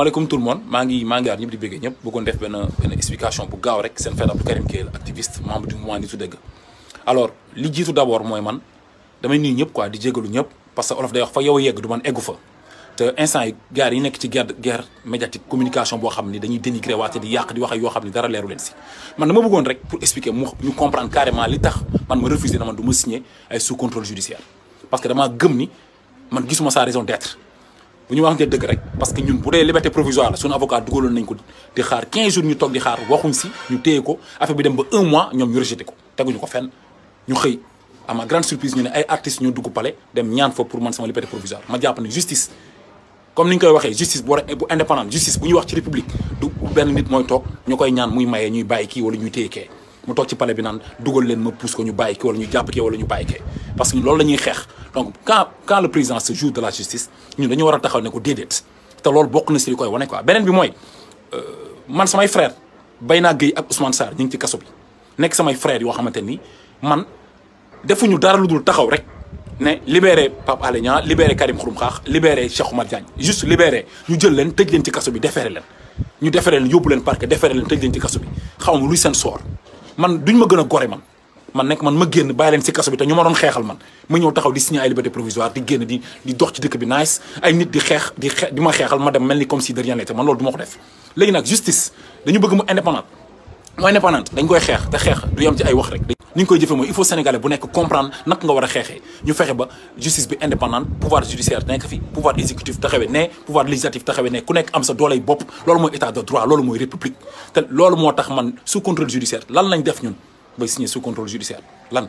aleykoum tout le monde Mangi, suis ñep explication bu gaaw rek seen activiste membre du mouvement de alors li jitu d'abord moy man dama ñep quoi di parce que olof day wax fa yow yegg du man éggu fa te instant yi yi nekk ci guerre guerre médiatique communication dañuy dénigrer di di rek expliquer mu comprendre carrément li tax man na signer sous contrôle judiciaire parce que dama gëm ni man gisuma sa raison d'être bu ñu waxante dëgg rek parce que ñun bu dee liberté provisoire la suñu avocat dugaloon nañ ko di xaar 15 jours ñu toog di xaar waxuñ si ñu téye ko affaire bi dem ba 1 mois ñoom ñu rejeté ko teguñu ko fenn ñu xëy à ma grande surprise ñu ne ay artistes ñoo dugg palais dem ñaan fa pour man sama liberté provisoire ma jàpp ne justice comme ni ñu koy waxee justice bu war bu indépendante justice bu ñu wax ci république du benn nit mooy toog ñu koy ñaan muy maye ñuy bàyyi kii wala ñuy téye kee mu tok ci palais bi nan dugal len ma pousse ko ñu bàyyi ki wala ñu jàpp ki wala ñu bàyyi ki parce que loolu la ñuy xeex donc quand quand le président se joue de la justice ñu dañu wara taxaw ne ko dedet te loolu bokku na ci li koy wane quoi benen bi moy euh man samay frère Bayna Gueye ak Ousmane sar ñing ci kasso bi nek samay frère yo xamanteni ni man defuñu dara lu dul taxaw rek ne libérer Pape Alé libérer Karim Xrum Xax libérer Cheikh Oumar Diagne juste libérer ñu jël len tëj len ci kasso bi defeere len ñu defeere leen yóbbu leen parquet defeere leen tëj leen ci kasso bi xawmu luy sen soor man duñ ma gën a gore man man nekk man ma génn bàyyi leen si kaso bi te ñu ma doon xeexal man ma ñëw taxaw di signer ay liberté provisoire di génn di di dox ci dëkk bi nice ay nit di xeex di di ma xeexal ma dem mel ni comme si de rien man loolu du ma ko def léegi nag justice dañu bëgg mu indépendante mooy indépendante dañ koy xex te xex du yam ci ay wax rek. ni ñu koy jëfé mooy il faut sénégalais bu nek comprendre nak nga wara xexé ñu fexe ba justice bi indépendante pouvoir judiciaire nekk fi pouvoir exécutif taxawé né pouvoir législatif taxawé né ku nek am sa dolay bop loolu moy état de droit loolu moy république. te loolu motax man sous contrôle judiciaire lan lañ def ñun bay signé sous contrôle judiciaire lan.